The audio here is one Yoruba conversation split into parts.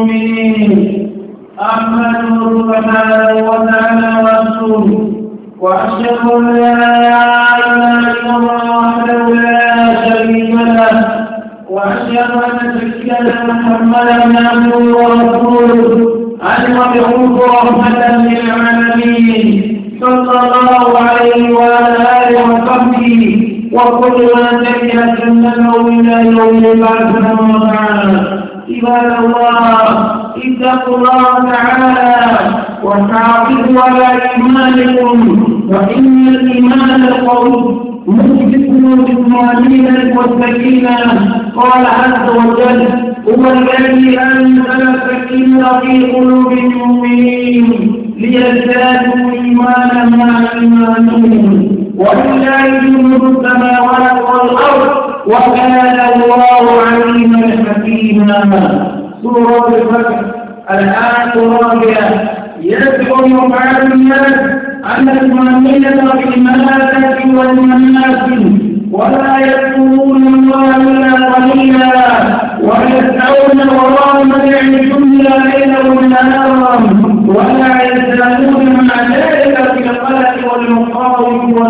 المؤمنين أحمده سبحانه وتعالى ورسوله وأشهد أن لا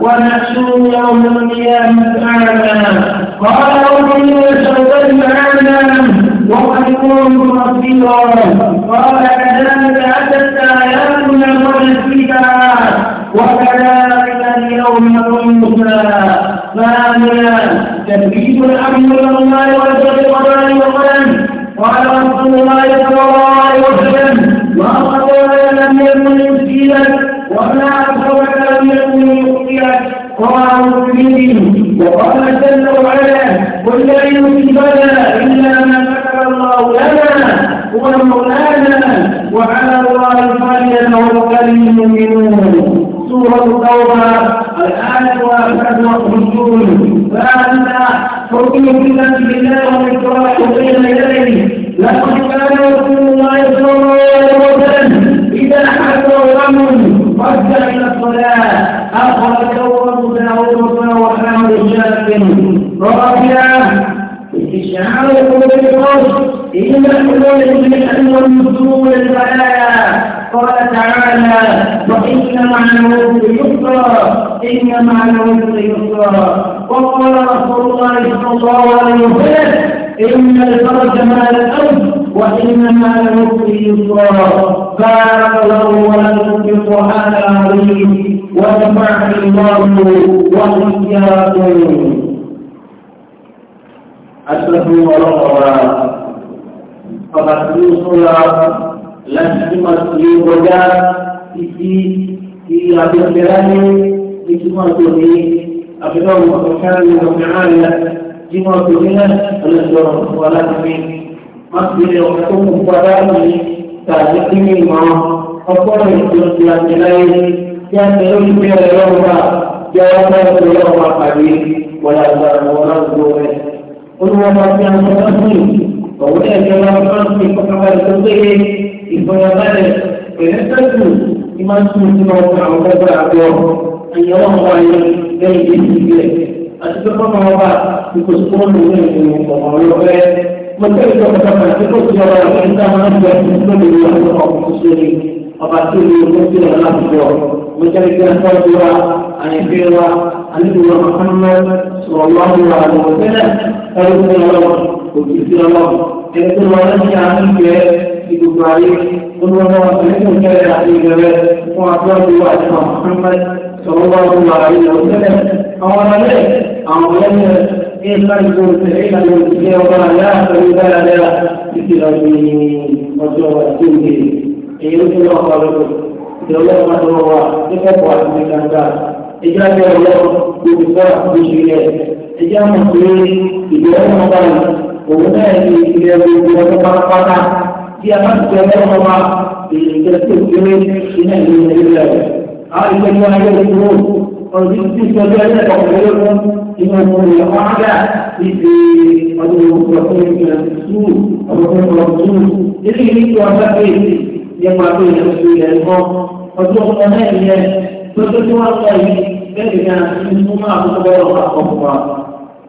ونحشر يوم القيامة أعمى قال رب إن شغلت أعمى وقد كنت مصيرا قال كذلك أتت آياتنا فنسيتها وكذلك اليوم ننسى ثانيا تثبيت الأمن من الله والجد والقدر وقلم قال رسول الله صلى الله عليه وسلم ما قضى لم يكن مسكينا وما وقال جل وعلا قل لا يصيبنا إلا ما كتب الله لنا هو مولانا وعلى الله فليتوكل المؤمنون سورة التوبة الان وأحد وحجون فأنت حكم كلمة بالله والإكراه بين يديه لقد كان رسول الله صلى الله عليه وسلم إذا حدث الأمر رد إلى الصلاة أخرجه الشهادة قبل الفرج إن يقولون إن النزول البلايا قال تعالى وإن مع العسر يسرا إن مع العسر يسرا وقال رسول الله صلى الله عليه وسلم إن الفرج مع الأرض وإن مع العسر يسرا بارك الله ولكم بقرآن العظيم ونفعني الله وإياكم aṣojú ọlọ́mọba ọba tí ó súnra láti tí máa ti lé kọjá títí tí abẹ́fẹ́ láyé ní tí máa tó ní abẹ́fẹ́ ọmọ ọ̀kẹ́ ní ọ̀kẹ́ ráyà tí máa tó ní ọlọ́dọ̀ ọ̀kọ́ aláàbí máa fi lé ọ̀kẹ́ tó kù fún adáàbí tàbí kí ní ìmọ̀ ọgbọ́n ìjọ ti àti láyé tí a ti lórí bí ọ̀rẹ́ lọ́wọ́ bá jẹ́ ọgbọ́n ìjọ lọ́wọ́ bá pàdé wọ́n olùwọ́pọ̀ fi àwọn ọ̀sán òun náà jẹ́ wọn máa ń fi ìfọ̀kànbalẹ̀ tó péye ìfọ̀yàbalẹ̀ pẹ̀lú sẹ́kù ní máa ń tún ìtumọ̀ ọ̀sán àwọn ọ̀gbọ́n àgbọ̀ ẹ̀yìn ọ̀rọ̀ wọn ayé lẹ́yìn tí ìdí ìbílẹ̀ àti pé kọ́nà ọba kò sí wọn lò ní ìlú ọ̀rọ̀ ọ̀rẹ́ mo tẹ́ ìjọ pàtàkì àti kò sí ọ̀rọ̀ ọ̀rẹ́ nígbà máa ń bẹ nígbà lórí ọ̀rọ̀ ọ̀kùnrin sórí ọba tó lè mú sí ọ̀rọ̀ láti bọ̀ mo jẹ́ ìgbẹ́ àyẹ̀fẹ́wà àlùwà ọ̀hánmọ́ sọ̀rọ̀lọ́wọ́ àlùwà tẹ́lẹ̀ ẹ̀rọ̀fẹ́ ọlọ́wọ́ òkìtì ọlọ́wọ́ ẹ̀rọ̀fẹ́ ọlọ́wọ́ ní àánú jẹ́ ìdùkú ayé olùwàwọ̀ àtẹ̀lẹ́kùn kẹrẹ àti ìrẹ̀rẹ̀ fún àtúwàdúwà àti ọ̀hánmọ́ sọ̀rọ̀lọ́wọ́ àlùwà tẹ́lẹ̀ àwọn ọlẹ́ àwọn ọlẹ́mìí إن كنتم تعلمون الكبر لا فبال مثل وجوه الدين إن الله قالوا يوم الله تقوى بك أنت ẹja bẹ ọlọ́run olùkọ́ oṣù rẹ ẹja mọ̀ pé ìbẹ̀rẹ̀ ọmọ báyìí òun náà ní ìpìlẹ̀ gbogbo ọdún pátápátá bí a bá ti bẹ̀rẹ̀ ọmọ wa èyíkẹ́ tó kéré iná ìlú nàìjíríà rẹ̀ àwọn ìgbẹ́jọ́ ayé ìdúró ọdún tí ìtọ́jú ẹgbẹ́ ọ̀pọ̀lọpọ̀ fún inú ọmọ rẹ̀ ọ̀hádà ìdè ọdún ọ̀pọ̀lọpọ̀ ìgbà sùúrù ọ̀pọ̀lọpọ̀ sùúrù eléyìí ní kí wọ́n bá bẹ́ẹ̀ sí nípa pé ìyẹn ti rẹ̀ ń bọ́ ọdún ọmọ náà yẹn lọ́jọ́ tí wọ́n sọ yìí bẹ́ẹ̀ ni àtúntò máa tó bọ́ọ̀rọ̀ ọ̀pọ̀ fún wa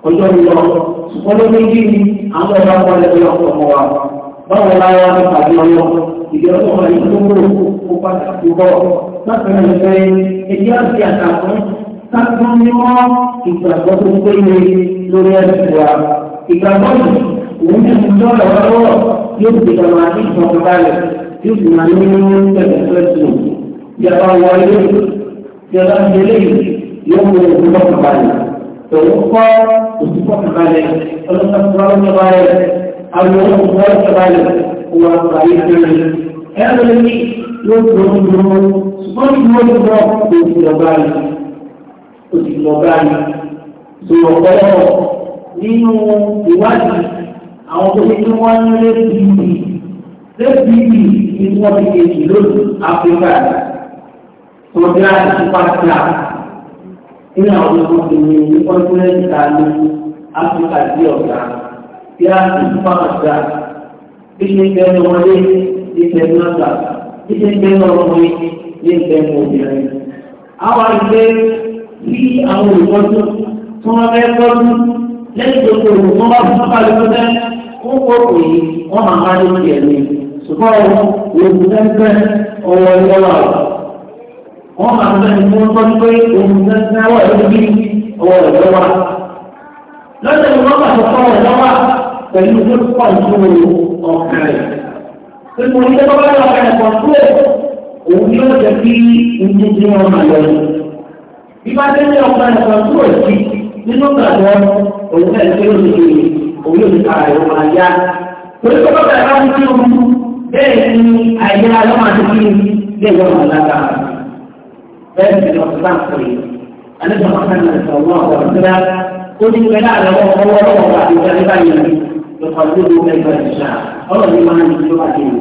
ọjọ́ ìlọ ṣùgbọ́n ló méjì ni àwọn ọ̀rọ̀ ọ̀pọ̀ lẹ́gbẹ̀ẹ́ ọ̀pọ̀ fún wa báwo la wá ní pàdé ọyọ ìgbẹ́ ọ̀pọ̀ wà ní gbogbo ó padà tó bọ̀ látàrí ìfẹ́ ẹ̀jẹ̀ àti àtàkùn sákùn ní mọ́ ìgbàgbọ́ tó péye lórí ẹ̀sìn wa ìgbàgbọ́ yìí òun ti ń dọ́ọ̀lọ́ lọ́wọ́ yóò yọ̀dá ìdílé yìí yóò mú ẹ̀kú lọ́kùn balẹ̀ pẹ̀lú kọ́ òtúkọ̀kù balẹ̀ ọlọ́sàkùnrin balẹ̀ àwọn ọkùnrin balẹ̀ wà láyé kẹrin ẹ̀rọ ní yóò tó ń dúró ṣùgbọ́n ní wọ́n ti bọ́ òtù lọ́gbà yìí òtù lọ́gbà yìí sọ̀rọ̀ pẹ́lẹ́pọ̀ nínú ìwádìí àwọn tó ti tún wọ́n ní lẹ́bìbì lẹ́bìbì ni wọ́n ti kejì lónìí áfíríkà Kodrat sifatnya Ini Allah mengini Ini konsulen kami Afrika Dioka Ya sifatnya Ini kenomori Ini kenomori Ini kenomori Ini kenomori Awal ini Si awal konsul Semua konsul Lẹ́yìn tó kò wọ́n bá fún bá lè fẹ́ wọ́n kò pè é wọ́n máa ń bá lè ẹ̀mí ṣùgbọ́n òun òun fẹ́ fẹ́ ọwọ́ ìwọ́lọ́ wọ́n máa ń bẹ́ni fún tọ́ pé ohun tẹ́tẹ́ wà lórí ọwọ́ rẹ̀ lọ́wọ́. lọ́sẹ̀ ni wọ́n pàṣẹ fún ọ̀rẹ́ lọ́wọ́ pẹ̀lú tó pọ̀ nínú ọkàn rẹ̀. pé mo ní lọ́wọ́ lọ́wọ́ ọkàn rẹ̀ pọ̀ tó òun yóò jẹ́ kí ojú tí wọ́n máa lọ. bíbá tẹ́ ní ọkàn rẹ̀ pọ̀ tó òsì nínú gbàgbọ́ òun náà ṣe ló ti òun yóò ti ka àrùn máa yá. torí pé bọ́ọ̀lù àbájú tí o bẹ́ẹ̀ ni àyè bẹ́ẹ̀ ni wọ́n bá ń pè é. Àlejò Mọ́sánà ìṣòwò àwọn ọ̀dọ́dá ó ní pẹ́ láàrin ọwọ́ ọwọ́ ọwọ́ wa àti ìjọba báyìí lọ́kọ̀ tó ló fẹ́ gba ìṣá. Ọ̀rọ̀ mi máa ń di tó bá dé ìlú.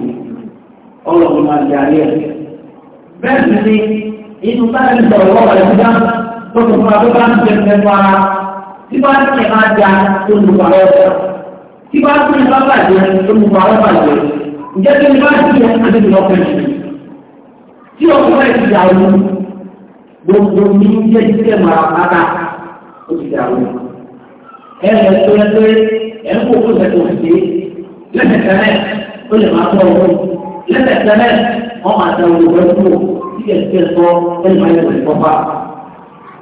Ọ̀rọ̀ mi máa ń di ayé ẹ̀. Bẹ́ẹ̀ sì ni inú báyìí ìṣòwò ọwọ́ ọ̀dọ́dá tó tó fún wa tó bá ń jẹ fẹ́fọ́ ara. Tí bá ń tẹ̀ máa da olùpàrọ̀ ọ̀dọ́. Tí bá ń tẹ̀ bá bàjẹ́ olùpàrọ̀ bàjẹ́. Ǹjẹ́ kí ni bá ń gbogbo ní jẹ́ sílẹ̀ mara pátá ó ti dàrú. ẹ lọ tó ẹ pé ẹ ń kó kó ṣe kò sí lẹ́sẹ̀kẹ́lẹ́ ó lè máa tọ́ owó lẹ́sẹ̀kẹ́lẹ́ wọ́n máa tẹ owó rẹ̀ kúrò sílẹ̀ sílẹ̀ sọ ẹ lè máa yẹ wọlé kọ́fà.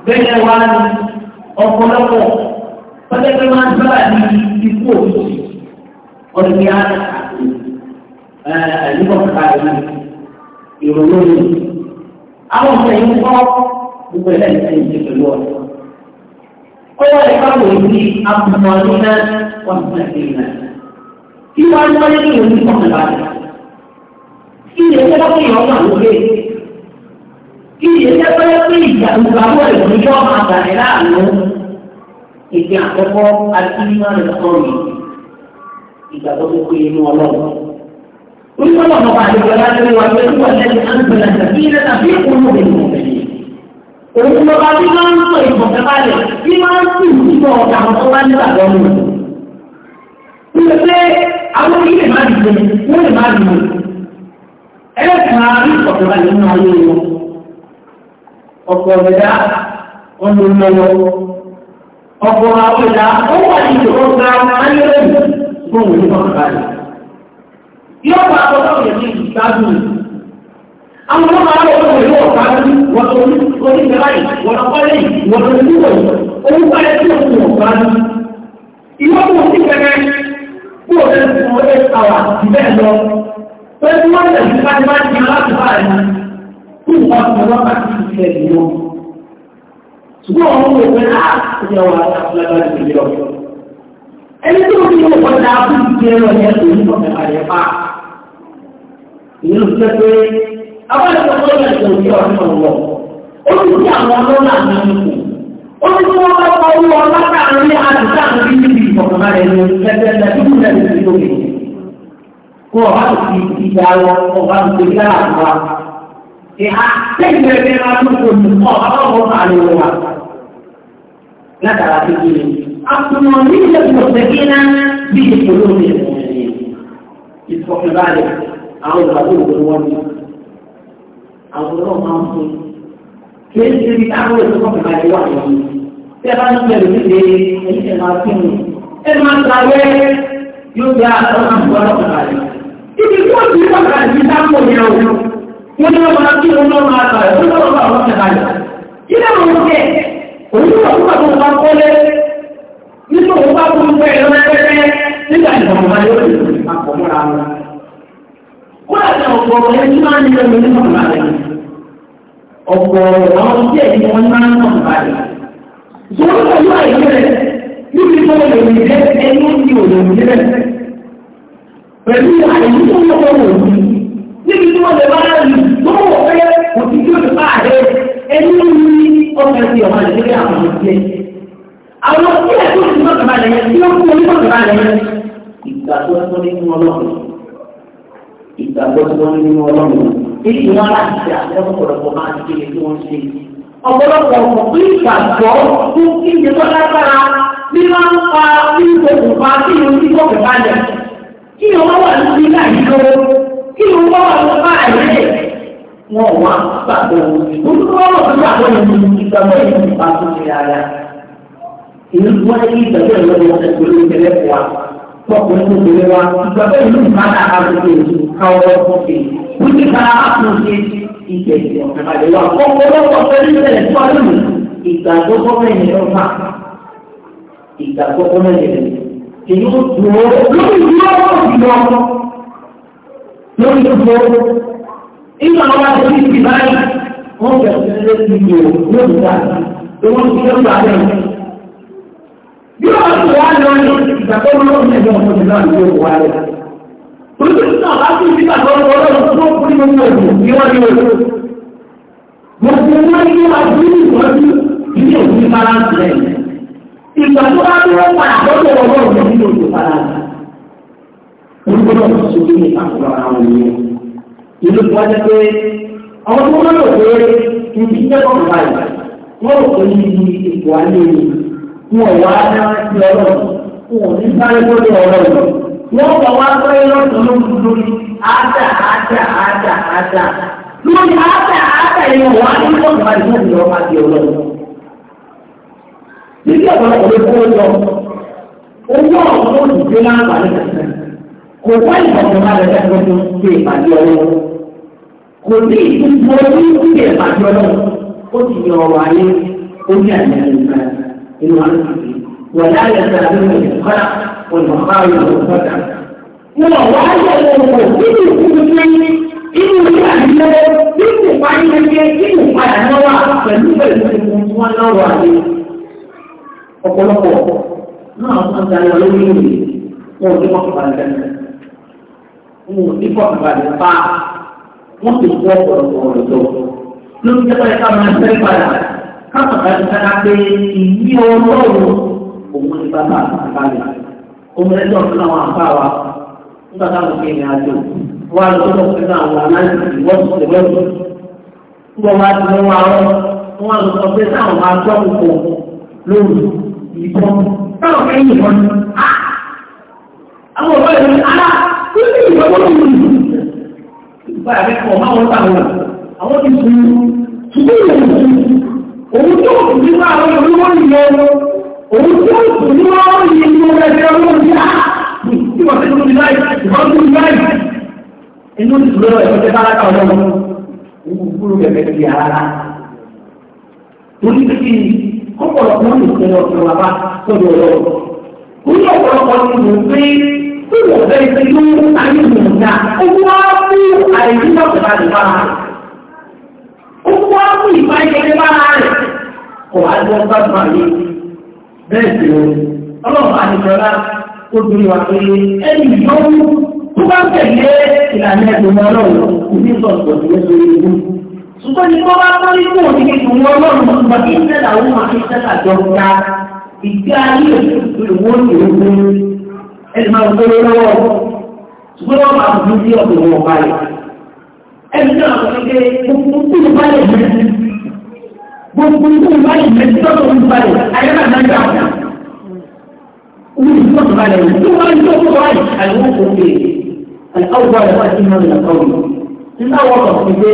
bẹ́ẹ̀ wá ní ọ̀pọ̀lọpọ̀ pẹ́ẹ́pẹ́ máa ń sábà ní ikú òjijì ọdún ní àdúgbò kàkà ìrònú àwọn ọ̀sẹ̀ yìí ń kọ́ gbogbo ilé ìsìn ìdí pẹ̀lú ọ̀rọ̀. ó wà ní káàkó ìdí amúnmọ́ ní náà wọ́n ti tẹ̀lé náà. kí wọ́n á wáyé kí wọ́n ti kọ́ ọ̀nà bàtà. kí ni ẹgbẹ́ bá kéèyàn wà lóde. kí ni ẹgbẹ́ bá yẹ pé ìjà ìgbàgbọ́ ìlú yọ àgbàlẹ̀ láàánú. ìdí àkọ́kọ́ àti ìmọ̀ rẹ̀ sọ̀rọ̀ ìgbàgbọ́ tó kú inú ọlọ́run. Onígbàgbọ́ ọ̀pọ̀ àdìgbò láti rí wa pé wọ́n lẹ́nu àǹtọ̀lá òun ló bá bí máa ń sọ ìbọ̀tẹ́ balẹ̀ bí máa ń sì ìbọ̀ ọ̀gá àwọn tó bá nígbà lọ́nu. Ní o pé àwọn ilé máa dìde, wọ́n lè máa dìde. Ẹ máa rí ìbọ̀tẹ́ balẹ̀ nínú ayé wọn. Ọ̀pọ̀ ọ̀gẹ̀dá wọn ló lọ́wọ́. Ọ̀pọ̀ àwọ̀dá ó wà ní ìṣòro ga ayé lẹ́yìn àwọn ọmọ àwọn ọmọ ìlú ọ̀pá wọn tó ní oníṣẹ́lá yìí wọn ọkọ lẹ́yìn wọn tó ní wọ̀nyí owó báyẹn tí wọn kò ọ̀pá ní. ìwọ́n kò sí kẹ́kẹ́ kí o lè fún ọ eight hours bẹ́ẹ̀ lọ pé kí wọ́n lè fún bájú bájú ní aláàbò báyìí kí wọ́n fi wọ́n bá ti fi ẹ̀ lọ. ṣùgbọ́n àwọn ọmọ òwe náà ti yẹ wọn àtàkùnlágbájú ìjọ. ẹni tó ti yẹ wọn dáa fún ìgbéyàwó yẹn àwọn ìṣòro náà ṣe òbí ọdún ọ̀wọ́ ó ti sí àwọn ọlọ́lá àmì ó ti tí wọ́n bá pa owó ọlọ́lá àmì àdúgbò àmì bíbí ìfọ̀kànlá rẹ̀ ló ṣẹlẹ̀ lẹ́dúkú lẹ́dí sí lókè kó ọba tó fi ìgbà wọ ọba tó fi gbà wá ìhà lẹ́yìn rẹ̀ máa tó kò ní kọ́ ọba wọn máa lè wà látara kékeré àtúnmọ̀ nílẹ̀ ìfọ̀kànlá bí ìfọ̀kànlá àwòrán máa ń fún kí é ṣe káwé tó kọ́ bàbá ìwà yìí tí ẹ bá ń bẹ̀rù nílé ẹ̀yìn ẹ̀ máa fi hù ẹ máa ń tawẹ́ yóò gba ọ̀nà àbúrò ọ̀kadà rẹ̀. ibi tí wọ́n ti wọ́n kà sí sáfọ̀ yẹn o wọ́n ní wọ́n máa kí wọ́n náà máa tà wọ́n náà máa wọ́n kẹta ilé wọn kẹ òun wà fún àwọn ọba kọ́lé nítorí kódà tí ọ̀pọ̀ ọ̀rẹ́ tí máa ń ní ẹgbẹ̀rún ní ọ̀pọ̀ balẹ̀ ọ̀pọ̀ àwọn tí ẹ̀dí wọn máa ń tàn balẹ̀ ìṣòro pẹ̀lú àìsí rẹ̀ níbi tó lè rí jẹ́ ẹni tí ò lè rí rẹ̀ pẹ̀lú àìsí tó lè wọ́n wò sí níbi tí wọ́n lè bá rí tó wọ́n fẹ́ òtí tí ó lè bá rẹ̀ ẹni ní ọ̀pẹ̀ tí ọ̀pọ̀ àti ilé àwọn ọ̀pẹ̀ àwọn tí ẹ̀dí wọn ti mọ̀ ìgbàgbọ́ tí wọ́n ní nínú ọlọ́run ní ìwọ́n láti ṣe àtẹ́wọ́ ọ̀pọ̀lọpọ̀ máa ṣe é tí wọ́n ṣe. ọ̀pọ̀lọpọ̀ ọ̀pọ̀ fún ìgbàgbọ́ fún kíndé tó lágbára bí wọ́n ń pa nígbà òkùnfà kí ni ojú tó kẹfà lẹ̀ kí ni wọ́n wà lórí láìjọ kí ni wọ́n wà lórí báyìí wọn wà gbàgbọ́ olùkọ́ gbàgbọ́ ìgbàgbọ́ ìgbàgbọ́ ìgbàgbọ́ ìgbàgbọ́ ìgbàgbọ́ pọkùnrin kékeré wa ìjọba ìlú ìbáná àgbègbè káwọ́ ọkùnrin kúndé kára àtúnṣe ìjẹ̀jẹ̀ ọ̀kadàlẹ̀ wa ọ̀pọ̀lọpọ̀ pẹ̀lú ìbẹ̀rẹ̀ tó àlùmù ìgbàgbọ́ gọ́mẹ̀ntì ọ̀fà ìgbàgbọ́ gọ́mẹ̀ntì èyí ó dúró lórí ìlú ọ̀pọ̀ ìlú ọ̀pọ̀ lórí ìlú ọ̀pọ̀ ìgbà wọn bá ti fi báyìí wọn bẹ̀rẹ̀ sí ilé ìlú yóò bí wọ́n ti wá lọ ní ìgbàgbọ́ lọ́wọ́ ẹ̀jọ̀ ọ̀pọ̀lọpọ̀ náà ní òkú wa rẹ̀. Olùdókítà bá tún sí ìgbàgbọ́ lọ́wọ́ tó kún ní gbogbo òkú ní wọ́n ní òkú. Gbogbo wọn ní wọ́n ti ní ìtọ́jú ní òkú ní balance rẹ̀. Ìgbà tó bá tó wọ́n padà lọ́dọ̀ ọ̀rọ̀ ọ̀rọ̀ ní òkú balance. Olùdókítà sọ pé àkùrọ̀ àwọn ènìyàn. Ìlú tó wájẹ́ pé àwọn tó wọ́n lò pé wọn wá náà ti ọlọ́run wọn ò ní sáré lórí ọlọ́run wọn kọ̀ wá sáré lọ́sọ̀ lórí lórí ádà ádà ádà ádà lórí ádà ádà yìí wọn wá ní sọ̀tún bá ìfún ìjọba máa di ọlọ́run. Títí ọ̀pọ̀lọpọ̀ ló kó lọ, owó ọ̀pọ̀ ló ti gbé máa ń bà ní Kò wá ìbọ̀dọ̀ máa lẹ̀ lẹ́kọ̀ọ́ tó ń ṣe ọlọ́run. Kò ní ìdúgbò ní ìdíje ìpàdé ọlọ́run. Ó ti yan ọrọ̀ ayé, ó ní àyè àyè ìgbà yẹn. إنه ولا يزالون بالخلق والمخاوف والفتح هو واحد náà wọ́n ti àlọ́ lórí ìlú wọn ò ní wọ́n kọ̀ọ̀bà lẹ́nu wọn ò ní kọ̀ọ̀bà lẹ́nu pa wọ́n ti kú ọ̀pọ̀lọpọ̀ ọ̀rọ̀ lórí ìjọba ẹ̀ka máa ń tẹ́ padà. káwọn kan sára pé ìyí ọlọ́run òun ni bàbá àtàkàlẹ̀ òun rẹ̀ lọ́ọ̀ fún àwọn àbá wa táwọn àjò wà àwọn aláìsí ti mú wa lọ sọ pé táwọn máa lóru ìbọn táwọn fẹ́ yìnbọn ni àwọn ìlú ìbọn wọn ìgbà máa àwọn òun tó kù nínú àwọn olówó nìyẹn òun tó kù nínú àwọn ìyẹn ní ẹgbẹ́ ọmọ ní à tí wọ́n ti tó ní láì wọ́n tó ní láì inú ìṣòro ẹ̀ tó bá láta ọ̀dọ́ wọn òun kúrò gẹ̀gẹ̀ bí ara torí ọ̀pọ̀lọpọ̀ ní ìṣẹ̀lẹ̀ ọ̀sẹ̀ wà bá sọ̀rọ̀ ọ̀rọ̀ orí ọ̀pọ̀lọpọ̀ ní mò pé kí wọ́n fẹ́ ṣe tó ayé mò ó wá mú ìfàyẹ̀kẹ́ bára rẹ̀ kò wá jẹ́ gbàgbà yìí bẹ́ẹ̀ sì o ọlọ́run àdìsọ́lá ó bí wa pé ẹni yóò tó bá tẹ̀lé ìlànà ẹ̀dùn ọlọ́run kò ní sọ̀tọ̀ lórí ewu ṣùgbọ́n ní kọ́ bá tọ́ nípò níbi ìdùnnú ọlọ́run ọgbà kí ń tẹ̀lé àwọn máa ń tẹ̀lé àjọ ńlá ìgbé ayé ìwọ ìwọ ẹni náà sọ pé gbogbo tó ń balẹ̀ mẹ́ gbogbo tó ń balẹ̀ mẹ́ tí tọ́tò ń balẹ̀ ayé máa náà gbà wọ́n. Wọ́n ti tọ́tò balẹ̀ wọ́n tó wọ́n tó tó wáyé àyẹ̀wò kò ń bèèrè. Àlùkò àwọn ọ̀rọ̀ àti ìmọ̀ ìlànà ọ̀rọ̀. Nígbà wọ́n kọ̀ fún pé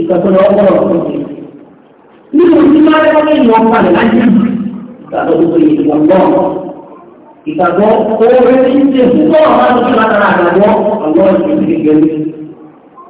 ìgbàgbọ́ lọ ọ̀rọ̀ ọ̀rọ̀ Nínú tí máa rẹ́ wọ́n ìwọ̀n balẹ̀ láti ìgbàgbọ́ tó yẹ ìwọ̀n náà. Ìgbàgbọ́ owó rẹ̀ ti ń ṣe fún bọ́ọ̀ máa ń fi látara àgbàgbọ́ àwọn ìgbàgbọ́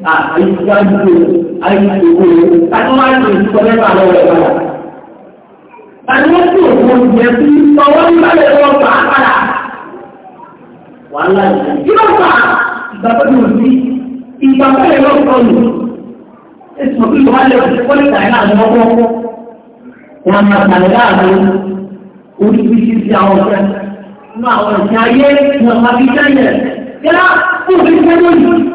àyíkájú àyíkòwò tàbí wọ́n ti sọ mẹ́ta lọ́wọ́ ẹ̀ padà. Tàbí wọ́n tí òkú jẹ́ sí ọwọ́ nígbàlẹ̀ lọ́wọ́ padà. Wà láyé. Kí ló fà ìgbàgbọ́ mi ò Ìgbàgbọ́ yẹn lọ sọ nù. Èsì òbí ló lẹ̀ òṣèlú pọ́lì tàyí láàrin ọkọ̀. Wọ́n á máa tàyí láàrin oríṣiríṣi sí àwọn ọ̀sẹ̀. Nínú àwọn ìṣe ayé ni ọ̀pá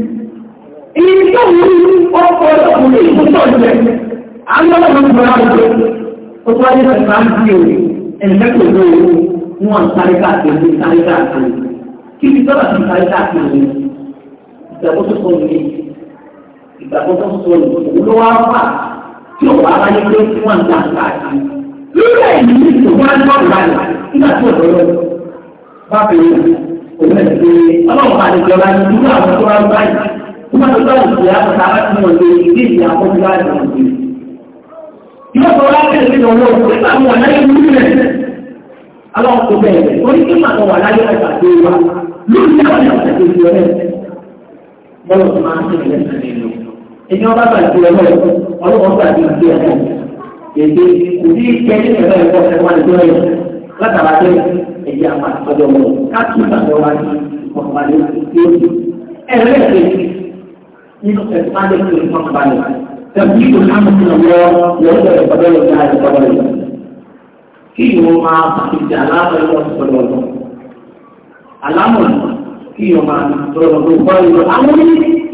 Ìyí tó wù ú ọkọ̀ ọkùnrin ìbútọ̀ jẹ. Àwọn ọmọ ìgbà àwùjọ ó tó wáyé pẹ̀lú àǹtí o, ẹ̀mẹ́kò ló o, wọn sáré káàkiri, sáré káàkiri. Kí ni sọ́dọ̀ ti sáré káàkiri? Ìgbàgbọ́ tó sọ ní ìgbàgbọ́ tó sọ ní olówó àpá tí ó wà láyé pé kí wọ́n ń dá káàkiri. Nígbà èyí ni nígbà tó bá ìdí àpàtà láti mọ̀ lé ìdí ìdí àkọ́jú láti mọ̀ lé. Yóò sọ láti ẹ̀sìn ní ọwọ́ òkú nígbà tó wà láyé ní ilẹ̀. Aláwọ̀ tó bẹ̀rẹ̀ orí kí màtọ̀ wà láyé ọ̀gá tó wà lórí àwọn ìyàwó tó ti ọ̀rẹ́. Bọ́lá tó máa ń tẹ̀lé lẹ́sẹ̀ nínú. Ìjọba bá gbàgbé ọlọ́run, ọlọ́run gbàgbé ìgbé ọ̀rẹ́. Èdè kò sí kẹ́lí ẹ̀rọ ẹ̀kọ́ ẹ̀wọ̀n ìgbọ́rẹ̀ látara pé ẹ̀yà àpàtàkọ́jọ́ wọn ká tún ìgbàgbọ́ wá ní ọ̀pàdé lórí. Ẹ̀rẹ́ ẹ̀sìn nínú ẹ̀sìn máa ń dẹ́kun ìfọ̀n balẹ̀. Tẹ̀sí ìlú láti lọ lọ lọ́wọ́ ìfọ̀dọ́ ìgbà ìfọ̀dọ́ ìgbà. Kí ìwọ máa pàṣẹ aláàbọ̀ ẹ̀rọ sọ̀rọ̀ lọ. Àlámọ̀ kí ìwọ máa sọ̀rọ̀ lọ bọ́ ìlú àwọn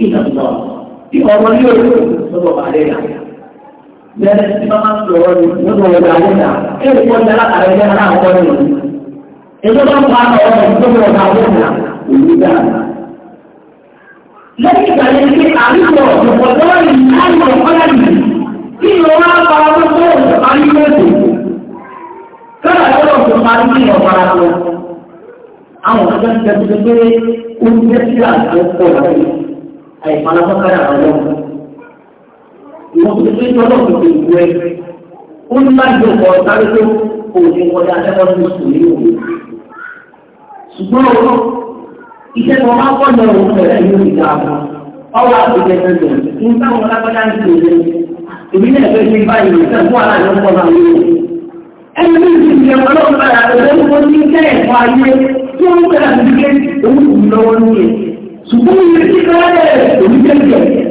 ìlànà tí ọmọ yóò lò sọ̀rọ̀ bàrẹ̀ yà. Bẹ́ẹ̀ tí bá máa ń sọ̀rọ̀ lọ́dọ̀ ọ̀dọ̀ àlẹ́ yà, ẹ̀rù lẹ́yìn ìgbà yẹn ní àríwọ̀ ọ̀pọ̀lọpọ̀ yìí àríwọ̀ ọ̀pọ̀lọpọ̀ yìí kí ló wá para ló kó àríwọ̀ ètò kára lọ́wọ́ tó parí kí lọ para lọ. àwọn ọ̀dọ́ ti tẹ̀sí pé oúnjẹ sí àgbẹ̀ pọ̀ lọ́wọ́ àìpalapọ̀ kára lọ́wọ́. ìwọ̀n tó ti tọ́ lọ́wọ́ tó ìlú ẹ̀ ó ní láti lè kọ́ sáré tó kò ní kọjá ẹgbẹ́ tó sùn iṣẹ́ tó máa kọ́ òun bẹ̀rẹ̀ yóò fi dáa fún ọwọ́ àgbègbè tuntun ṣe ń ní kẹ́ ẹ̀kọ́ ayé ṣùgbọ́n ilé tí kọ́lẹ́ òun jẹ́ jẹ́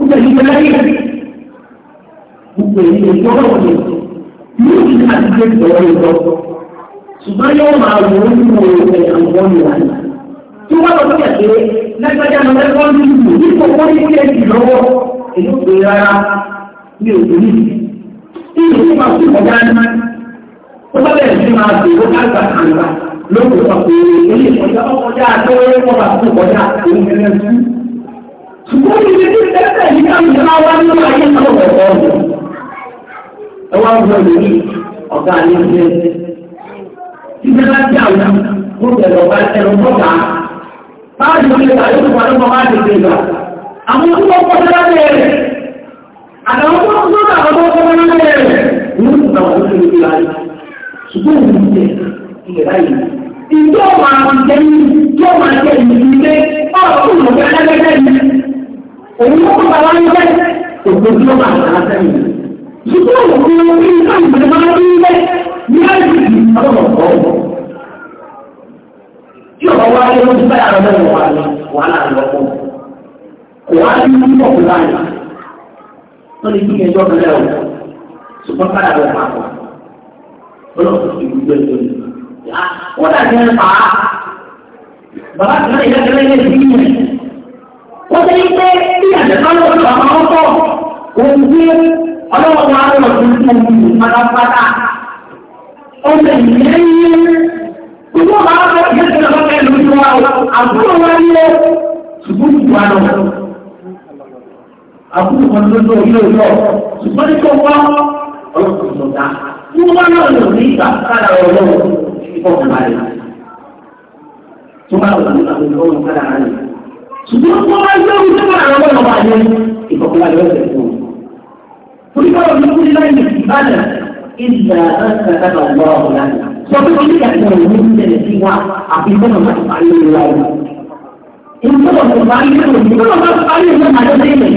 ó bẹ̀rẹ̀ ìgbẹ́ láyé gbogbo èyí ìjọba òun yóò ti láti gbé ìjọba ìjọba ṣùgbọ́n yóò máa wò ó nínú ìwé àwọn ìlànà. Tí wọ́n lọ sọ́kẹ̀ pé lágbájá lọ lẹ́kọ́ ní ìlú nípò wọ́n ní ilé ìlú lọ́wọ́ èyí ò pé rárá ní òkú ní. Ìlú tí máa fi kọjá ní ó bá bẹ̀rẹ̀ sí máa fi owó kágbà kàǹgbà lóko pàpọ̀ èyí ìkọjá ọkọjá àtọ́wé wọn bá fún Ṣùgbọ́n ilé tí ìgbẹ́ bá tí àwọn kó bẹ̀rẹ̀ ọ̀gá ẹ̀rọ bọ́ta. Báwo ni wọ́n lè gbà yóò wọ́n lọ́wọ́ máa tètè gbà? Àwọn tó wọ́n kọ́ sọ́dá bẹ̀rẹ̀. Àtàwọn tó wọ́n sọ́dá àwọn tó wọ́n kọ́ sọ́dá bẹ̀rẹ̀. Ní ìgbà wọn tó lè gbà yìí. Ṣùgbọ́n òun ti ilẹ̀ báyìí. Ìjọ máa ń jẹ́ ìjọ máa jẹ́ ìdílé ọ̀rọ̀ tó lọ́gbẹ́ alẹ́gbẹ́ yìí. Òun ló kọ́ ṣùgbọ́n àwọn ọmọ wọn ní káàdì ìgbàlẹ̀ máa ń rí lẹ́ ní àìsìkì ọlọ́run kọ́ ọ̀. Tí ọ̀rọ̀ wa lé lójú báyà lọ lẹ́nu wa ni wàhálà lọ́kọ̀. Kò wá ọlọ́wọ́ wa lọ sí ìlú pátápátá. Ó lè yẹ yẹ. Ìwọ́n máa ń lọ sí ìdílé ọmọ kẹ́lú ní wa o. Àbúrò wa ní o. Ṣùgbọ́n ìwà lọ. Àbúrò kan ló lọ ilé ìlọ. Ṣùgbọ́n ní kò wá ọlọ́kùn sọ̀tà. Wọ́n wá náà lò ní ìgbà kára ọ̀rọ̀ ìfọ̀kàn balẹ̀. Tó bá wà nípa ìfọ̀kàn balẹ̀. Ṣùgbọ́n wọ́n máa ń gbé orí tó bá àwọn ọmọ كل مرة نقول لا يمكن إلا أن كتب الله لنا sọfún mi kàtà òní ìṣẹ̀lẹ̀ sí wa àfikún ọmọ ìparí ìlú ayé ìṣòro ìparí ìlú ìṣòro ọmọ ìparí ìlú àjọ sílẹ̀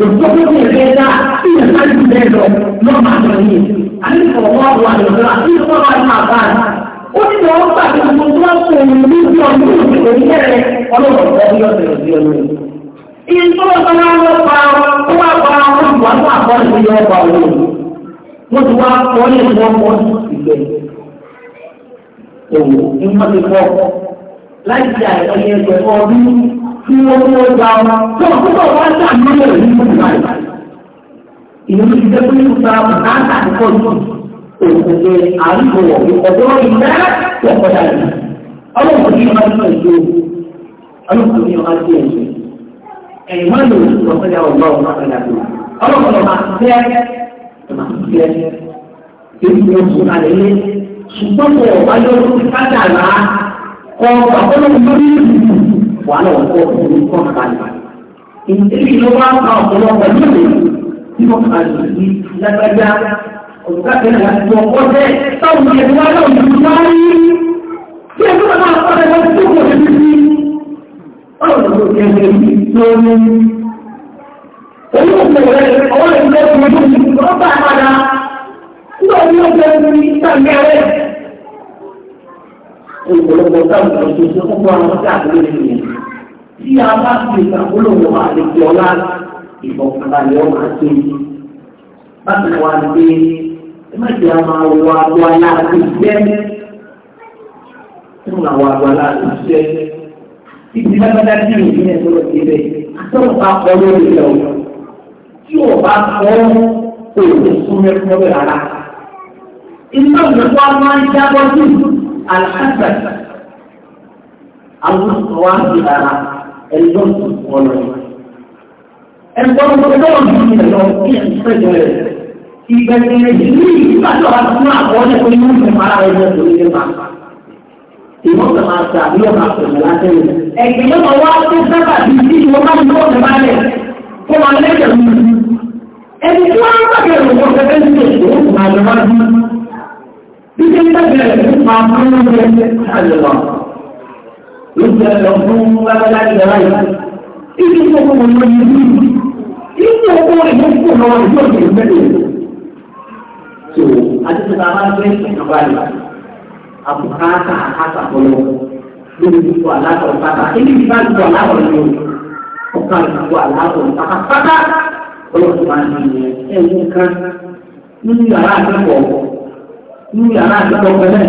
òṣìṣẹ́ tó ti rẹ̀ dá ìyẹn láti bẹ́ẹ̀ lọ lọ́ọ́ máa tọ̀ yìí àyẹ̀kọ̀ wọ́n wà lọ́dọ̀ àti ìṣòro àti àbá Ìjọ ọ̀sán ló pa ó wá pa ọdún ìwà tó àkọọ́lẹ̀ tó yẹ ọ̀pá owó. Wọ́n ti wá kọ́ ní ìwọ̀n pọ̀ ìgbẹ́. Òwò ní wọ́n ti kọ́ láti ṣe àìsàn yẹn pẹ̀lú ọdún tí wọ́n tó gba ọmọ tó púpọ̀ wá sà nílò ní ìgbà ìgbà. Ìlú ti jẹ́ pé ẹ̀yìnmánu lọ́sọ̀dá ọ̀gbọ́n ọ̀gbọ́n ọ̀gbọ́n ọlọ́pàá máa fẹ́ máa fẹ́ èyí ló ń sọ̀rọ̀ àlẹ́ yẹn ṣùgbọ́n kò wá lọ́wọ́ ti kájà rà á kọ́ àkọ́lọ́ lórí ìlú wà lọ́wọ́ kọ́ òun kọ́ kalẹ̀. èyí ló wá ka ọ̀pọ̀lọpọ̀ lónìí tí wọ́n kà lù sí lágbájá òṣìṣẹ́ àti ọkọ̀ bẹ́ẹ̀ táwọn ìyẹn wá lọ́wọ́ ìlú wá rí ọ̀rọ̀ tó kí ẹgbẹ́ bí tó ní. Olóògbé rẹ̀ ọwọ́ ìgbẹ́ ti mú ọ bá padà nígbà tí ó jẹ́ ní sàmì rẹ̀. Olùkọ́lọ́gbọ̀ sáàmù kan títí lágbádá tí mi ní ẹ̀sọ́ lọ sí ibẹ̀ bá kọ́ lórí ilẹ̀ ọ̀yọ́ tí ò bá kọ́ òòlù súnmọ́ ẹ̀kọ́ bẹ̀ rárá. iná ìgbẹ́kọ̀ máa ń jábọ́ sí àlàkàtà àwọn ọ̀wá ti rárá ẹ̀jọ́ tó kọ́ lọ. ẹ̀gbọ́n tó lọ́wọ́ ní lọ kí ẹ̀ ń pẹ̀jọ rẹ̀ ìgbẹ̀gbẹ̀ rẹ̀ yìí nígbà tó ìwọ́n sọ máa ta yóò máa sọ̀rọ̀ látẹ̀lẹ̀. ẹ̀gbẹ́ yóò máa wá tó sábà bí tí ìwọ́n bá yóò tẹ̀ bá lẹ̀ kó máa lẹ́jọ̀ mi. ẹni tí wọ́n bá bẹ̀rẹ̀ wọ́n fẹ́ fẹ́ sílẹ̀ tó ń máa lọ wájú. bí ṣe ń bẹ̀rẹ̀ máa mú un lọ sí àlọ́. ló jẹ́ lọ fún lábẹ́lá ìjọba yìí. ibi tó kọ́ wọn lóye bí ibi tó kọ́ ìmúkù lọ ìjọba ìgbẹ́lẹ̀. tó adé àbùkátà àtàkọlọ lórí gbogbo aláwọ̀ pátá ebi tí bá gbogbo aláwọ̀ ni o ọkà gbogbo aláwọ̀ pátá pátá ọlọ́run máa ń yẹ ẹ̀wọ̀n kan nínú yàrá àgbẹ̀kọ̀ nínú yàrá àgbẹ̀kọ̀ pẹ̀lẹ́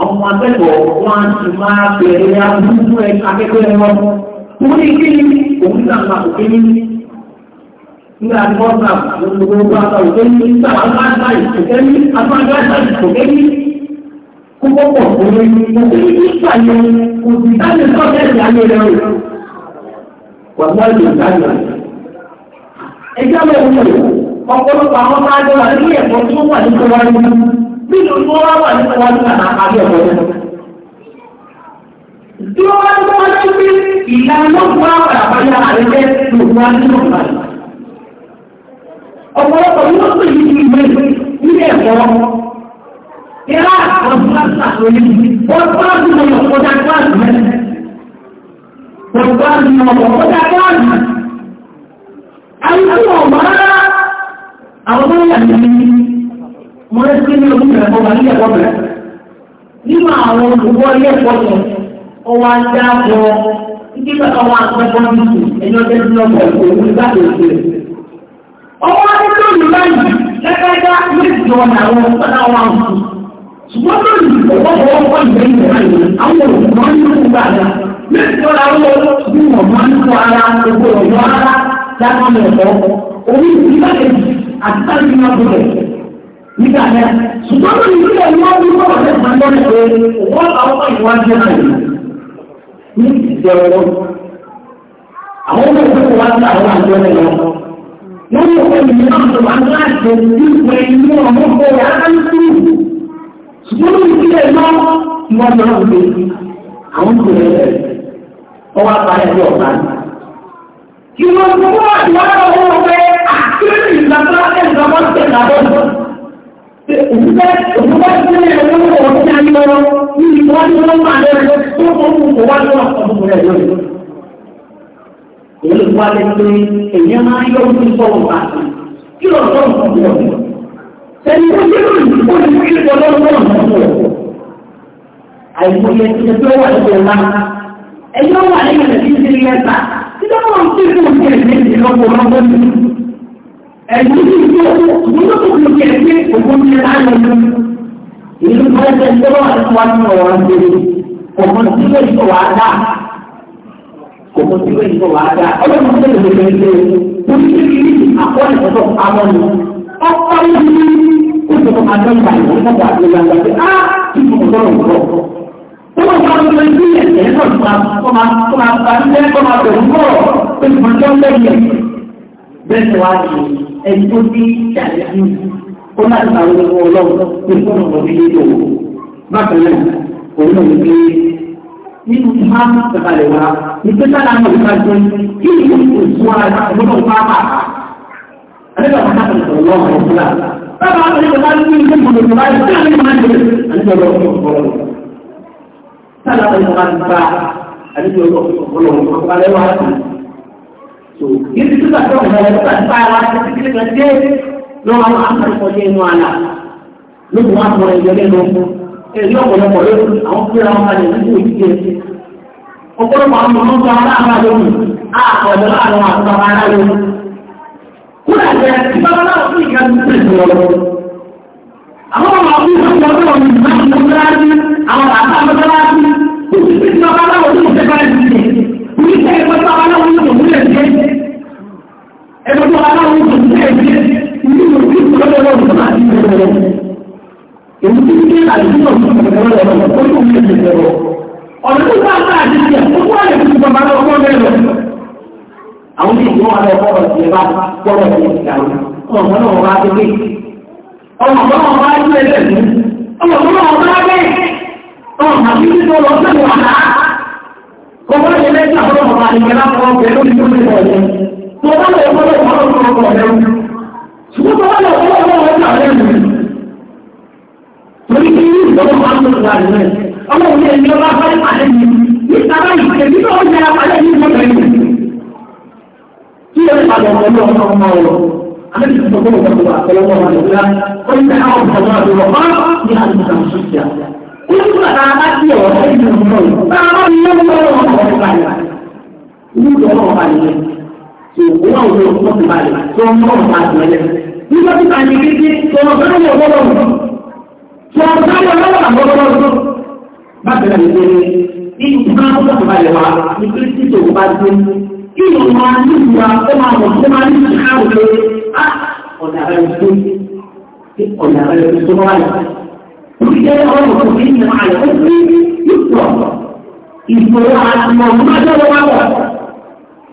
àwọn ọmọ akẹ́kọ̀ọ́ wọn ti máa bẹ̀rẹ̀ abúlé ẹ akẹ́kọ̀ọ́ ẹ wọn tó ní kí ni òun náà máa kò kí ni nígbà tí wọ́n gbà gbogbo gbogbo àgbà òkè púpọ̀ pọ̀ lórí nípa yẹn òbí dájú sọ́ọ̀tẹ̀ ìdájọ́ rẹ̀ Wà á ìdájọ́ Ẹjọ́ lọ wọ̀ ọ̀pọ̀lọpọ̀ àwọn máa jọ wà nínú ẹ̀kọ́ tó wà ní kọwájú. Nínú tó wá wà ní kọwájú àná àbí ẹ̀kọ́ tó. Tí ó wá ní wọ́n tó pé ìlànà wà àbáyá àrẹ́fẹ́ lòun wá nínú ọ̀pọ̀lọpọ̀ yóò pè ní ilé ẹ̀kọ́ ìlà àwọn fúlàṣà lórí wọ́n fúlàṣì mọ̀ yọ̀ kọjá kíláàsì mẹ́rin. Wọ́n fúlàṣì mọ̀ yọ̀ kọjá kíláàsì. Àyíkú ọ̀mọ́ rárá àwọn tó ń yà ní mo rẹ̀ sí ní ọdún mẹ́rin ọba nílẹ̀ ẹ̀kọ́ bẹ̀rẹ̀. Nínú àwọn olùkọ́ ilé ẹ̀kọ́ yẹn, ó wá ń dá bọ̀ nígbà tó wá akẹ́kọ̀ọ́ ẹni ọdẹ ní ọmọ ẹ̀kọ́ òun nígbà tó ṣe. Ọwọ́ adé tó báyìí lẹ́gbẹ́gbá méjì ọ̀nà àwọn ọ̀sán ṣùgbọ́n tó ní ìfọwọ́fọwọ́ pọ̀ ìgbẹ́yìn náà ni àwọn òṣùwọ̀n ń lù gbàgbà mẹ́tọ́ làwọn bí wọ́n máa ń kó ara gbogbo ọ̀dọ́ ara dáná ní ọ̀dọ́ orí ìgbàlejò àti táyì máa bọ̀ nígbà náà ṣùgbọ́n tó ní ìfẹ́ wọn ní wọ́n fẹ́ máa lọ́nà pé wọ́n bá wọ́n ìwájú náà ní ìjẹun àwọn ọmọ ìfẹ́ wọn ní àwọn àjọ náà lọ wọ́n yóò fẹ́ mi ní àwọn àjọ àti ìlú ṣùgbọ́n ní ìpínlẹ̀ náà wọ́n máa ń gbé àwọn ìpínlẹ̀ rẹ̀ ọwọ́ apáyé ní ọ̀gá ni. kí wọ́n ah, tó wá ìwádìí ọwọ́ ọ̀fẹ́ àkíyèsí ìgbàgbọ́ ẹ̀ǹgbàgbọ́ ṣe ìgbàgbọ́ òṣìṣẹ́ òṣìṣẹ́ ìpínlẹ̀ ẹ̀wọ́n ní ọ̀rọ̀ tí a ní lọ́wọ́ ní ìwádìí wọn máa lọ tó fún un kò wá lọ́wọ́ ọ̀dùnkùn rẹ̀ lọ́wọ́ èyí wá lẹ́nu pé èyí máa ń yọ ojú sọ̀rọ̀ pàtàkì kí lọ́ọ̀ sọ̀rọ̀ ẹni tó dé lórí ìdìbò ti kí ọlọ́run náà mọ̀ ọ́. àìmọye ti tó wà ní ọ̀la ẹjọ́ wà ní ìrìn tí ti lẹ́ta tí tó wọ́n ti kú sí ẹ̀mí ti lọ́pọ̀ lọ́pọ̀ ní. ẹ̀mí ó ti mú agbẹ́gbà ìwọ́nmọ́gbà àti ìyàgbà pé á ti mú ọ̀dọ́rọ̀ ọ̀rọ̀. Ó máa bá ọdún lórí sí ẹ̀sẹ̀ náà tó máa tó máa tó máa bá ní ẹ̀kọ́ máa bẹ̀rù bọ̀ pé kò jọ lẹ́yìn. Bẹ́ẹ̀ ni wàá ní ẹni tó ní ìṣàlẹ́sí ó láti máa wọ ọwọ́ ọlọ́run pé kó nà ọdún yé lòwò. Bákan náà, òun náà ní pé nínú máa ń sọ̀kalẹ̀ wa ní pé sáà náà ní máa jẹun kí ni kò sún ara láti lọ́wọ́ pápá. Adébàbà náà sọ̀rọ̀ lọ́wọ́ Bàbá àwọn ọ̀rẹ́ ìjọba ní ilé ìgbòho ìjọba ní ní máa ń jẹ àníjọba ọ̀pọ̀lọpọ̀. Sáà láti ọ̀pọ̀ máa ń bá àníjọba ọ̀pọ̀lọpọ̀ ọ̀pọ̀lọpọ̀ lẹ́wọ̀ àti. So, yìí ti túbà tó ọ̀rẹ́ ìjọba ti bá wa ti kíkiri kan dé lọ́wọ́ àwọn akẹ́kọ̀ọ́ jẹ́ inú àlà. Lókun wá sọ̀rọ̀ ìjọ lẹ́nu ọkọ̀. Èyí ọ̀pọ̀lọpọ̀ lókun àwọn fúnra wọn kalẹ̀ nínú ìdíje. Ọ̀pọ̀lọpọ̀ àwọn ọmọ ọmọ aláàbá lókun, àpọ̀lọpọ̀ àwọn àtúbàbá aláàbá lókun. Kúrò àjẹ́ ìbára náà fún ìkànnì bá dé kí ìlú máa ní ìwà tó máa wọ̀ tó máa ní ìṣẹ́ àwùjọ á ọ̀dà rẹ̀ tó kí ọ̀dà rẹ̀ tó tó wáyà. Ìṣẹ́ ọ̀rọ̀ tó kí ìyẹn máa yọ̀ ó sí ìpọ̀ ìṣòro àti ọ̀gbọ́n àjọ́wọ́ wá wọ̀.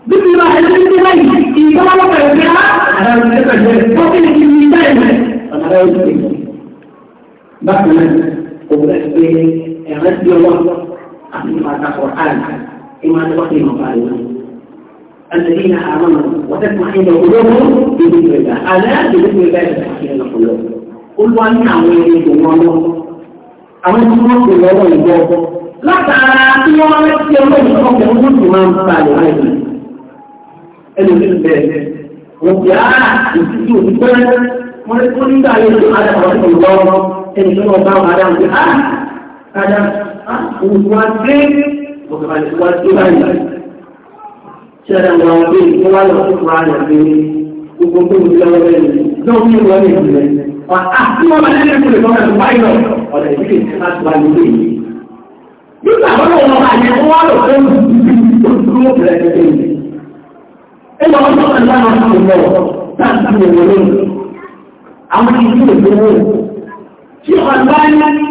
Bíbí wa ẹni tí wọ́n yìí ìjọba wọ́n pẹ̀lú pé á àrà rẹ̀ pẹ̀lú ó kí ni kí ni bẹ́ẹ̀ rẹ̀ ọ̀dà rẹ̀ tó kí. Bákan náà, òun rẹ̀ pé ẹ̀rẹ́ بما تقدم فعلنا الذين آمنوا وتسمحين قلوبهم بذكر الله ألا بذكر الله تسمحين القلوب قل وأن أعوذ بالله àwọn tí wọ́n pè lọ́wọ́ ìgbọ́ ọkọ látara tí wọ́n máa ń fi ọwọ́ ìgbọ́ ọkọ wọ́n sì máa ń fa àlè láìpẹ́ ẹnu tí ń bẹ̀rẹ̀ wọ́n fi ara ìtìjú òbí pẹ́ wọ́n lè kó nígbà yẹn ló máa dàgbà sí ìgbọ́ ẹni tó náà bá wọn adá pé á kájà á òun wá dé ọ̀gbọ̀n ti wá sí báyìí. Ṣẹ̀rẹ̀ wọn bí wọ́n wá lọ sí ìwà rẹ̀ pé gbogbo tó ń lọ rẹ̀ lọ sí ìwà rẹ̀ rẹ̀. Wà tí wọ́n bá lẹ́lẹ́ kúrò lọ́wọ́ ẹ̀ báyìí lọ, ọ̀rẹ́ ìdílé ti máa ti wá ní ilé yìí. Nígbà wọn lọ wọn àyẹ̀ wọn wá lọ fẹ́ olùdókòwò bẹ̀rẹ̀ tẹ̀lé. Ẹ lọ wọn sọ̀rọ̀ lára àwọn ọmọ táàkì ìwòrán. Àwọn ìdílé tó wọ̀. Tí ọ̀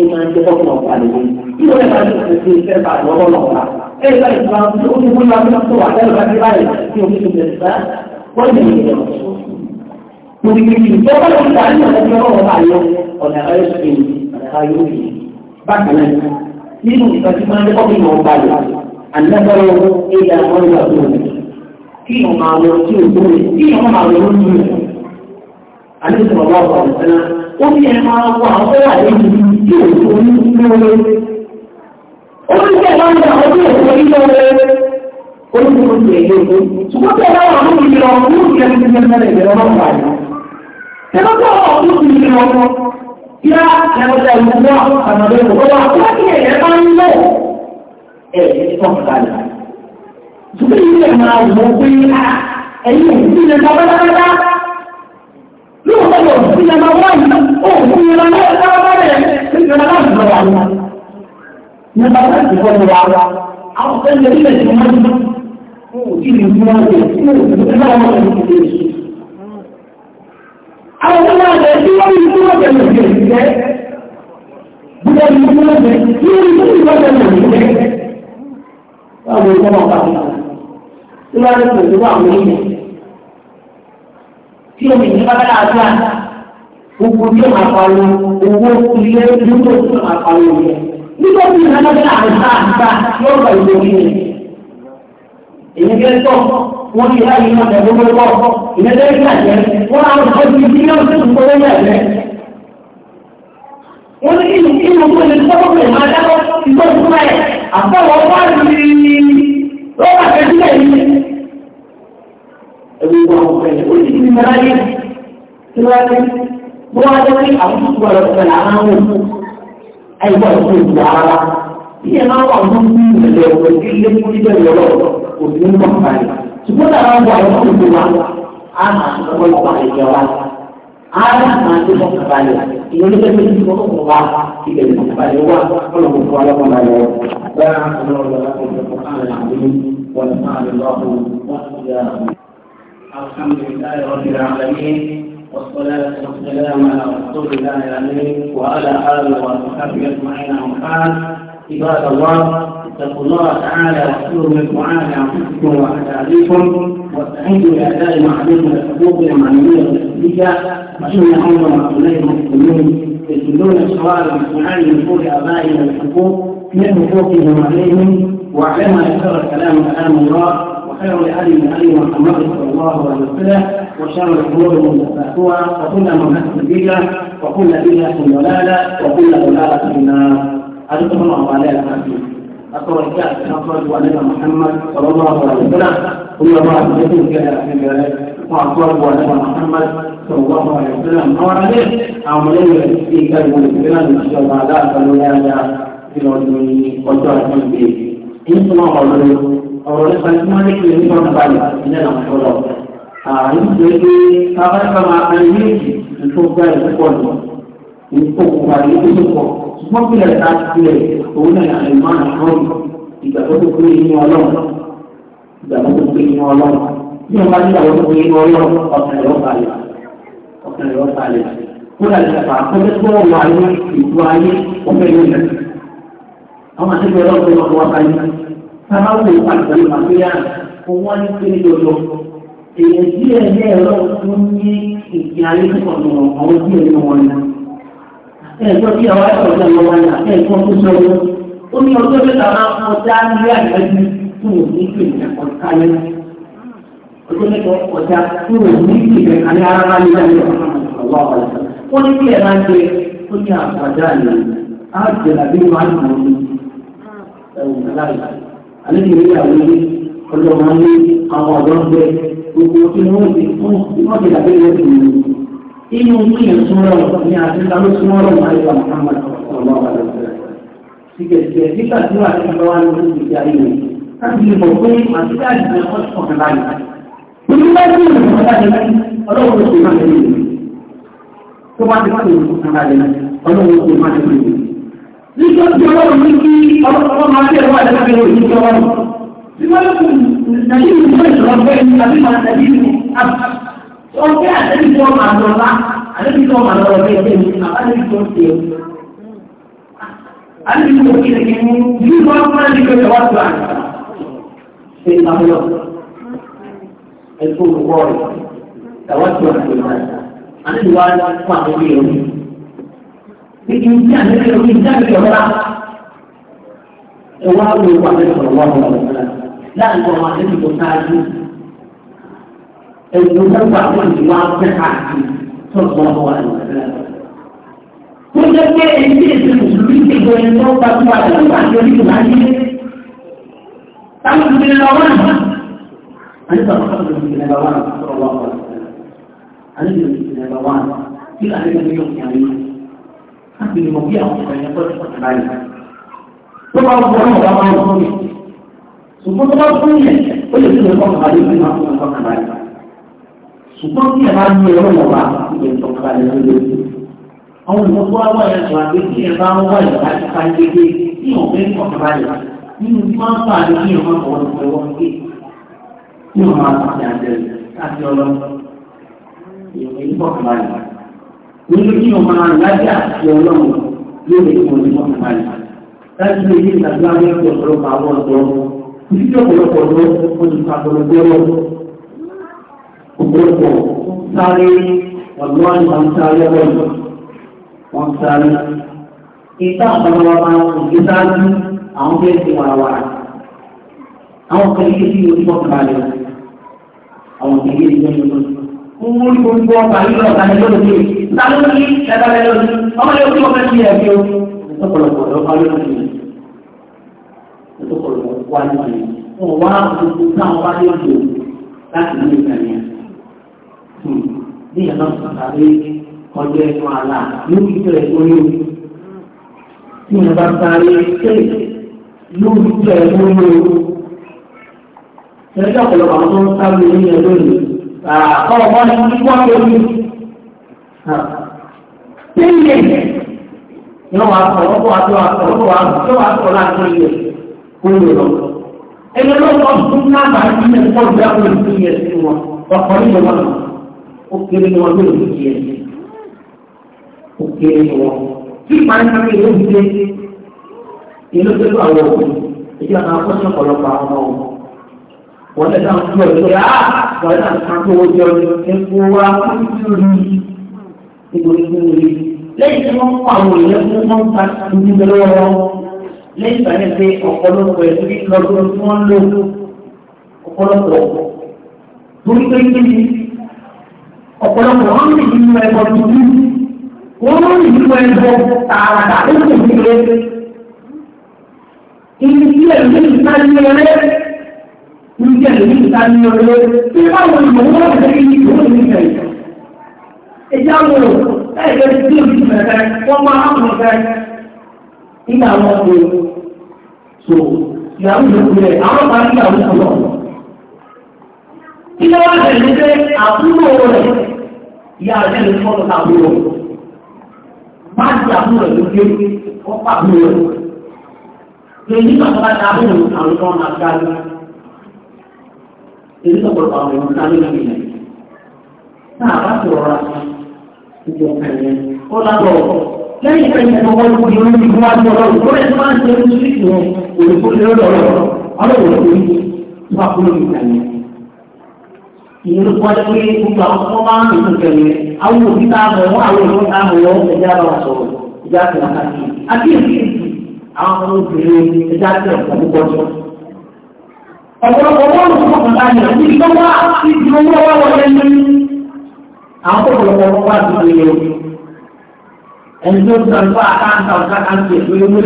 ẹ máa ń jẹ́ kọ́kọ́ náà wà lórí. Ìjọba ẹ̀ máa ń tẹ̀sí sí ìfẹ́ bá lọ́wọ́ náà wà. Ẹ ẹ̀ láì máa ń tó ní wọ́n máa ń tó wà lẹ́nu láti báyìí tí omi ti bẹ̀rẹ̀ sá. Wọ́n lè ní ìjọba. Mo ti gbé ìjọba ló ń ta ní ọ̀sẹ̀ tí ọlọ́wọ́ bá yọ ọ̀nà ayé ṣe ayé òbí. Bákan náà, nínú ìtọ́jú máa ń jẹ́ kọ́kọ́ náà wà lórí. Àlẹ́gbẹ̀rẹ̀ ẹ̀yà wọn lọ sí òbí. Kí ìwọ̀n máa lọ sí òbí rẹ̀, kí ìwọ̀n máa lọ lórí rẹ̀. Àlẹ́ ó ní ẹ máa wọ lẹ́yìn tí ò tó ní lóore. ó ní kẹ́ máa ń gba àwọn tó tó ní lóore. ó ní kó tó èyí o. ṣùgbọ́n tẹ́ bá wà bá ọ̀pọ̀ sí ẹmọ wáyé òkú ìran ní ẹ̀ka bẹ́rẹ̀ nígbà láti lọ́wọ́ àwọn. Nípa láti kọ́ lọ́wọ́ àwọn àwọn ọ̀sẹ̀ ní ilẹ̀ tí wọ́n ti mú òkú ìlú tí wọ́n ti mú òkú ìlú tí wọ́n ti mú àwọn ọmọ àgbẹ̀ tí wọ́n ti mú ọ̀gbẹ̀ lòdì ìjẹ́ gbogbo ìlú tí wọ́n ti mú ọ̀gbẹ̀ lòdì ìjẹ́ báwo ni wọ́n bá wọn. Tí wọ́n á lè pèsè fún àwọn ènìyàn tí omi ní bá dára dá gbogbo tí o máa pariwo owó ilé lúdò tí o máa pariwo yẹ nígbà tí ìlànà bí àwọn sáà ń bá yóò gbà ìlú omi rẹ èyí kẹ́ tọ́ wọ́n ti láyé wọn tẹ̀ gbogbo bọ́ ìrẹ́lẹ́ ìgbàjẹ́ wọ́n á lọ sí bílíọ̀nù tó ń gbọ́dọ̀ yàgbẹ́ wọ́n ní inú inú tó lè tọ́kọ̀ pé máa dákọ̀ ìgbọ́dọ̀ fún ẹ̀ àbọ̀wọ̀ wá ní rọ́bà kẹ́sílẹ̀ yìí ẹgbẹ́ wọn fẹ́ ó sì ti nà láyé tí wọ́n ti bó wá jẹ́ pé àwọn ìṣúwà lọ sí ẹ̀là àwọn ohun àìgbà tó ìlú ara bí ẹ máa wà ní ìlú ìrẹ̀lẹ̀ ọ̀pọ̀ sí ilé fún ilé ìrọ̀lọ́ kò sí ń bọ̀ báyìí ṣùgbọ́n táwọn ọgbà ẹ̀kọ́ ìlú wa á máa ń sọ ìgbà ìjọ wa á máa ń sọ ìgbà ìyẹn ló fẹ́ fi kọ́ kọ́ wa ilẹ̀ ìgbà wa ọlọ́run fún wa lọ́kàn báyìí wa. الحمد لله رب العالمين والصلاة والسلام على رسول الله الأمين وعلى آله وصحبه أجمعين وبعد عباد الله اتقوا الله تعالى واحذروا من دعاء أنفسكم وأحاديثكم واستعينوا بأداء معلوم الحقوق المعنوية والنفسية فإن أمر مسؤولي المسلمين يسلون الشوارع باستعانة من نفوذ آبائهم الحقوق من حقوقهم عليهم واعلموا أن شر الكلام كلام الله خير الهدي هدي محمد صلى الله عليه وسلم وشر الامور محدثاتها وكل محدث بدعه وكل بدعه ضلاله وكل ضلاله في النار. أذكر الله عليه الحمد. أقول لك أفضل ولد محمد صلى الله عليه وسلم كل الله يكون كذا في ذلك وأفضل ولد محمد صلى الله عليه وسلم هو عملية في كلمة البلاد ان شاء الله لا فلولا في العلم والجهل به. إن الله ọ̀rọ̀ nípa tí wọ́n ní pé nípa balẹ̀ ìyẹn náà fọlọ́ ààrùn tó yẹ pé káwá káwá ayéèjì tó gbá ẹ̀ púpọ̀ lọ nípò wà ní tó pọ̀ ṣùgbọ́n bí ẹ̀ka tilẹ̀ òun náà lè má nà lọ́rùn ìgbà tó tó pé inú ọlọ́run ìgbà tó tó pé inú ọlọ́run bí wọ́n bá ní àwọn tó pé inú ọlọ́run ọ̀sẹ̀ ẹ̀rọ balẹ̀ ọ̀sẹ̀ ẹ̀rọ balẹ̀ kódà ìjàpá kọ́tẹ́tọ́ wà ní ìlú ayé ọ̀fẹ́ sábàwò àgbàlẹ̀ màgbéyà fún wọn ní pé lọ́dọ̀ èèyàn díẹ̀ ní ẹ̀rọ tó ní ìgbìn ayé tó kọ̀ lọ́wọ́ àwọn díẹ̀ ní wọn ni. ẹ̀gbọ́ bí àwọn ẹ̀kọ́ ọ̀gá wọn ni ẹ̀kọ́ tó sọ wọn ó ní ọjọ́ mẹ́ta máa ń kọ́ dá ní àgbájú tó wò ní pè ní ọ̀káyé ọjọ́ mẹ́ta ọ̀dá tó wò ní pè ní àlẹ́ ara máa ń dá ní ọ̀kan ó ní bí ẹ̀ máa ń jẹ ó ní àgbàdá yìí á jẹ àbí wọn á nà ó ní ẹ̀wù láìláì àlejò àwọn ilé ọjọ́ máa ń lé àwọn ọ̀dọ́ ń bẹ gbogbo tí wọ́n ti fún wọ́n ti dàbí ìwé ìlú inú kí n súnmọ́ ọ̀rọ̀ ní àtúntà ló súnmọ́ ọ̀rọ̀ máa ń wà Muhammad ọ̀rọ̀ wà lọ́sẹ̀ sígẹ̀sígẹ̀ nígbà tí wọ́n àti ìjọba ní oṣù ìjà ìwé láti lè mọ̀ pé àti láti lè mọ̀ sí ọ̀kan láyé nígbà tí ọlọ́run ní kí ọlọ́pàá máa tẹ̀ wá ìdájọ́ ìlú ìjọba rẹ̀. Síwájú nàìjíríà ní ìjọba ìjọba bẹ́ẹ̀ ni àbí máa tẹ̀lé ìlú àbá. Ọ̀gbẹ́ àtẹ́lẹ́sọ̀ máa lọ lá, àtẹ́lẹ́sọ̀ máa lọ bẹ́ẹ̀ bẹ́ẹ̀ ni àbálẹ́sọ̀ ti ẹ̀. Àtẹ́lẹ́sọ̀ ti ẹ̀ kí ni bí wọ́n máa ń gbé wá tó àná. Ṣé ìpamọ́ ẹ̀kọ́ olùkọ́ rẹ̀ tàwọn tó àná ìdí àlejò ìdí àlejò ọ̀la ẹ wá ló wà ní ọ̀rọ̀ wà lọ́wọ́ láàrin ọmọ àlejò tó ṣáájú ẹ̀dùn tó wà wọ́n ti wá fẹ́ káàkiri tó ń bọ̀ wà lọ́wọ́ tó jẹ́ pé èyí tí èsì mùsùlùmí ti gbọ́ ẹni tó gba tó wà tó wà ní orí ìlú ayé táwọn ìdílé lọ wà náà àti sọ̀rọ̀ káwọn ìdílé lọ wà náà sọ̀rọ̀ wà wà náà àti ìdílé lọ wà náà kí láti lè mọ̀ bí àwọn ọ̀sán yẹn tọ́jú pàtàkì báyìí. tó bá wù ọ́nà ọ̀gá máa ń fún mi ṣùgbọ́n tó bá fún yẹn ó lè tún lè fọ́n kàlá yóò fi máa fún ọ̀gá kàlá yìí. ṣùgbọ́n tí ẹ bá ní ẹ̀rọ ìwọ̀nba ìgbẹ́ ìtọ́kàlá yẹn ló lè àwọn olùkọ́ wa wà yẹn tó àgbẹ̀ tí ẹ bá ń wà yẹn láti ká gbégbé tí ò fẹ́ kọ̀ọ̀kan báyìí nínú tí wọ́n ń fà ní kí ọmọ ọ̀wọ́ ti fẹ́ wọ́n gbé tí ò máa ń fà ní àjẹrẹ láti ọlọ́run ìròyìn kọ̀ọ̀kan báyìí nínú kí ọmọ aláàjì àti ọlọ́run yóò lè fún ọdún wọn fún àyè. láti lè yí ìtàgbé àwọn ẹgbẹ́ ọ̀pọ̀lọpọ̀ àwọn ọ̀dọ́ títí tí ọ̀pọ̀lọpọ̀ ọ̀dọ́ wọn ti fa ọ̀pọ̀lọpọ̀ ọ̀rọ̀ ọ̀pọ̀lọpọ̀ sáré ọ̀dọ́ àìsàn sáré ọ̀rọ̀ wọn sáré. ìta àpamọ́wá máa ń sáájú àwọn bẹ́ẹ̀ ti wà wà. àwọn kan yìí ti yóò fọ́ owó ní gbogbo ọba nílò ọ̀gá ni lóde ní ìta ló ní ẹ̀ka rẹ̀ lóde ọmọ yóò tó fẹ́ sí ẹ̀fí o. ìtọ́kọ̀lọpọ̀ lọ bá lóde ní ìtọ́kọ̀lọpọ̀ wá lóde ní wọn wá gbogbo táwọn bá lóde láti ní ìkànnì ní ìyàtọ̀ sàkàrí ọjọ́ ẹ̀kọ́ àlà ní ìtẹ̀ orí o. tí wọn bá sáré ṣe lórí ìtẹ̀ orí o. ẹ̀rọ ìjọba ọ̀pọ̀lọpọ̀ àwọn tó ń sáré ní ẹ̀ àkọ́wọ́ wọn ni wọ́n tó ní. Tíyẹ̀ yóò wá sọ wọ́n kó wá tó wá sọ wọ́n kó wá sọ láti ilé kó lè lọ. Ẹni ló sọ fún nàbà nínú ẹ̀kọ́ ìgbà wo ni tíyẹ̀ sí wọn ọkọ̀ nínú wọn ó kéré ni wọn ló lè tíyẹ̀ sí. Ó kéré ni wọn. Tí ìpàdé kan ní ìlú ìdílé ìlú tó lọ àwọn òkú ìdí àwọn akọ́ṣẹ́ ọ̀pọ̀lọpọ̀ àwọn ọmọ wọ́n tẹ̀sán tó lọ sí àá wọ́n tẹ̀sán kan tó wọ́n jọ epo wa kúrú rí nítorí kúrú rí lẹ́yìn tí wọ́n mú àwọn èèyàn fún wọn ta tuntun lọ́wọ́ wọn lẹ́yìn tí wọ́n ṣe ọ̀pọ̀lọpọ̀ ẹ̀sùn bí lọ́dún tí wọ́n lò ọ̀pọ̀lọpọ̀ torí pé kí ni ọ̀pọ̀lọpọ̀ wọn lè ní ìlú ẹ̀kọ́ tuntun wọ́n lè ní ìlú ẹ̀kọ́ tààràtà tó kù nílé ìlú ìlú níbi ẹ̀mí ìta ní ọlọ́ tí báwo ni mo wọ́n fẹ́ kí ìwé òní ìfẹ́ ìfẹ́. Ìjà wo ẹ̀jẹ̀ tí o ti fẹ̀fẹ́ wọ́n máa ń mọ̀ fẹ́ nígbà wọn kò so ìyàwó ìlú rẹ̀ àwọn máa ń gbà wọ́n kọ̀ lọ́wọ́. Ilé wa tẹ̀lé pé àbúrò rẹ̀ ìyá rẹ̀ lè fọ́ lọ́ta àbúrò. Má ti àbúrò ló dé wọ́n pàbúrò rẹ̀. Lè nígbà ta àbúrò àwọn ọmọ àgbà èyí lọ́pọ̀lọpọ̀ àwọn èèyàn sáré lórí ilẹ̀. Náà bá sọ̀rọ̀ ra gbogbo nǹkan Ó lábọ̀ lẹ́yìn ìfẹ́ ìfẹ́ ọkọ̀ ìlú ìlú ìlú ìlú àti ọlọ́run tó lẹ́yìn máa ń ṣe ojú sí ìwọ̀n òyìnbó lérò ọlọ́run ọlọ́run tó ní wà kúrò nìkan yẹn. Ìyẹn ló pọ́n pé gbogbo àwọn tó máa ń rìn nìkan yẹn. Àwọn òbí tá a mọ̀ wọ́n àwọn òbí tá a mọ̀ wọ́n ẹ̀já bá sọ̀rọ̀ ìjà àti àkàkì. Àbí èsì àwọn ọmọ ọ̀pọ̀lọpọ̀ wọ́n lò fún ọ̀pọ̀lọpọ̀ àyà ní ìjọ wá ìdí owó wá wọlé ní àwọn ọ̀pọ̀lọpọ̀ wọn wá sí ilé o ẹni tó ń sọ̀rọ̀ fún àkáǹtà ọ̀sá káńtì ìwéwé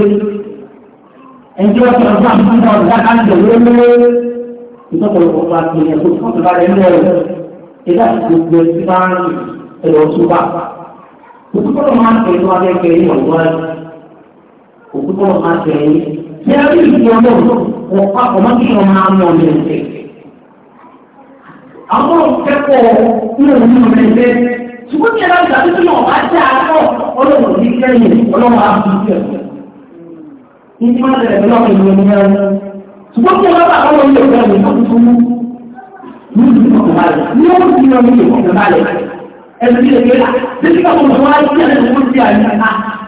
ẹni tó ń sọ̀rọ̀ fún àkáǹtà ọ̀sá káńtì ìwéwé ìtọ́pọ̀lọpọ̀ wá sí ilé o fún ọ̀pọ̀lọpọ̀ rẹ̀ lọ́wọ́ ìdá ìgbẹ́ tí máa ń ẹ̀rọ súpà òkútọ́lọ́ máa ń tẹ̀lé wọn tí a rí ìdí ọmọ ọ̀pá ọmọ tí wọ́n máa mọ̀ ní ẹ̀sẹ̀. àwọn òkẹ́kọ̀ọ́ ní òun ní ọmọ ẹ̀sẹ̀ ṣùgbọ́n tí a bá gbà tuntun náà wá jẹ́ àárọ̀ ọlọ́run ní kẹ́yìn ọlọ́run á fi jẹ́ ọ̀sẹ̀. ní tí wọ́n tẹ̀lé lọ́wọ́ ìlú ẹni náà ṣùgbọ́n tí a bá bá àwọn ọmọ ìlú ẹni náà tuntun mú ní ìlú ọ̀kọ̀ọ̀balẹ̀ ní ó ti ọmọ ìlú ọ̀kọ̀ọ̀balẹ̀ ẹ̀sìn ìlú ẹ̀kẹ́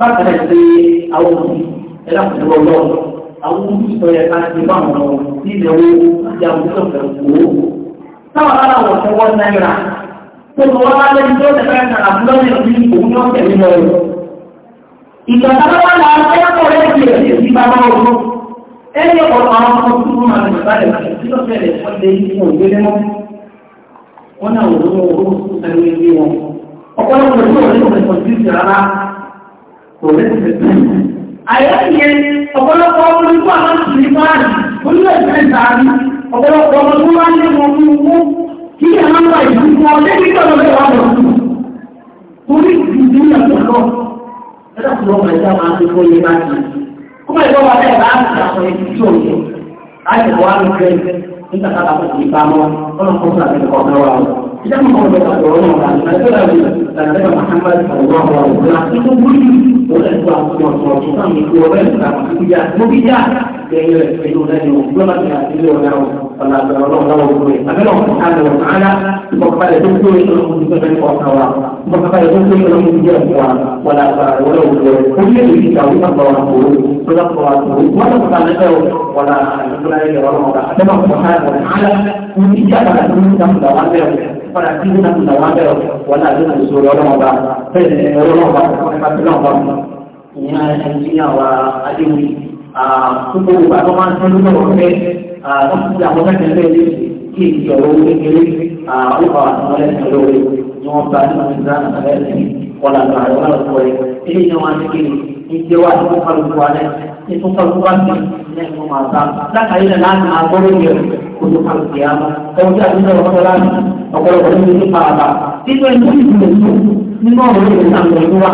bákan náà ṣe àwọn òbí ẹ̀dá kò lọ́wọ́ lọ́wọ́ àwọn òbí ìtọ́jà ká ti bá wọn lọ nílẹ̀ owó àti àwọn òbí ọ̀fẹ́ owó. táwọn ará wọn fẹ́ wọ́n náírà tó lọ wá lẹ́yìn tó tẹ̀lé ẹ̀ka àbúlọ́ọ̀lì ọ̀bí òun ní ọ̀tẹ̀ nínú ọ̀rọ̀. ìgbà táwọn wá là á fẹ́ kọ́ lẹ́yìn rẹ̀ sí ẹni ọ̀pọ̀ àwọn ọmọ tuntun kò lẹ́sẹ̀ tó àyẹ́yẹ ọ̀pọ̀lọpọ̀ ọmọ ní wà láti ní báyìí onílẹ̀ ìfẹ́ ìsàárí ọ̀pọ̀lọpọ̀ ọmọ tó wá ní ọmọ ní owó kí ni àwọn ọmọ ìlú fún ọ lẹ́yìn tó lọ lẹ́wà lọ sí torí ìdí ìyàtọ̀ ẹ̀dá tó lọ́mọ ẹ̀dá máa ń tó yé bá ti ó bẹ̀rẹ̀ إذا ما هو بقى دورنا مثلا مثلا محمد صلى الله عليه وسلم itu budi oleh suatu suatu kami keluarga sama tidak tidak yang itu dari ulama yang itu orang Allah Subhanahu wa taala agar Allah Subhanahu wa taala kepada itu yang menjadi kuasa kepada itu yang menjadi kuasa wala wala kuliah di kau bahwa guru sudah kuasa wala kata itu wala sebenarnya orang ada Allah Subhanahu wa taala tidak pada itu yang lawan dia padà sí nínú àtúntà wọn bẹ̀rẹ̀ wọn náà ló ń so ọlọ́mọba bẹ́ẹ̀ ni ọlọ́mọba wọn bá ti lọ́mọba ìyá ẹni tí àwa adéwì gbogbo ìgbà tó máa ń tọ́jú náà wọ́n fẹ́ wọ́n ti ti àwọn mẹ́tẹ̀ẹ́ bẹ́ẹ̀ lé kí èyí ọ̀rọ̀ owó kékeré ó kọ́ àwọn ọmọ ẹ̀sìn olóore ni wọ́n bá nínú ìdáná ẹ̀sìn kọ́lá ìgbé wa ní kọlùkù alẹ́ ní kọlùkù wa ní ilé ìwọ̀n máa bá lákàáyé náà láti máa gbọ́ lórí ẹ̀rọ ojú kọlùkù yá ma ẹ̀wọ̀n tí a ti ń sọ̀rọ̀ kọ́lá ní ọ̀pọ̀lọpọ̀ ní ilé ìpa àbá nínú ẹni tí ìlú èso nínú ọ̀rọ̀ ìlú ìsàmì ìlú wa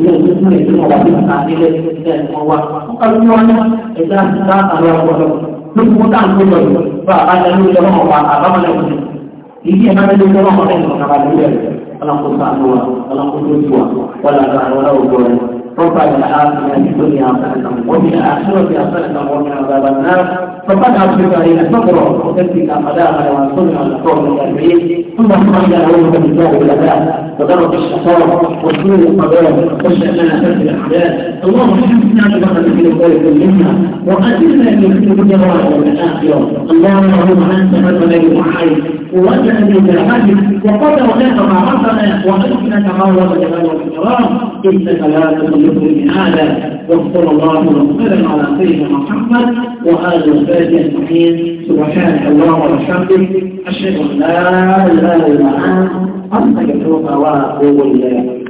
ilé ìlú ìlú ìlú wọn wà nípa ilé ìlú ìlú wa kọlùkù wa ní ẹ̀dá ìta àwọn ọ̀pọ̀lọ lókùn tá à ń gbọ́dọ̀ lọ bá a bá dá lórí ọmọ ọba àbámọ́lẹ̀ òní ìdí ẹ̀ máa ń lórí ọmọ ọba ẹ̀ lọ́kàbà lórí ẹ̀ ọlọ́kùnrin àlọ́ wa ọlọ́kùnrin tó wà wọ́n làgbà àwọn ọlọ́wọ́ gbọ́dọ̀ ربنا العافية في الدنيا حسنة وفي الآخرة حسنة ومن عذاب النار فقد أصبح علينا صبرا وتمسك قدامنا وانصرنا على القوم الكافرين ثم لهم نعوذ بالله والعذاب وضرب الشقاء وسوء القضاء وشان ترك الأحداث اللهم اجعلنا بخلق في ذلك منا وأجلنا في كل جوار الاخره اللهم أنت الذي محيي وأنت الذي تعالي وقد وقعت ما عرفنا وأنت كما هو الجلال والإكرام إنك لا تضل بقول هذا وصلى الله وسلم على سيدنا محمد وآله وصحبه أجمعين سبحانك اللهم وبحمدك أشهد أن لا إله إلا أنت أستغفرك وأتوب إليك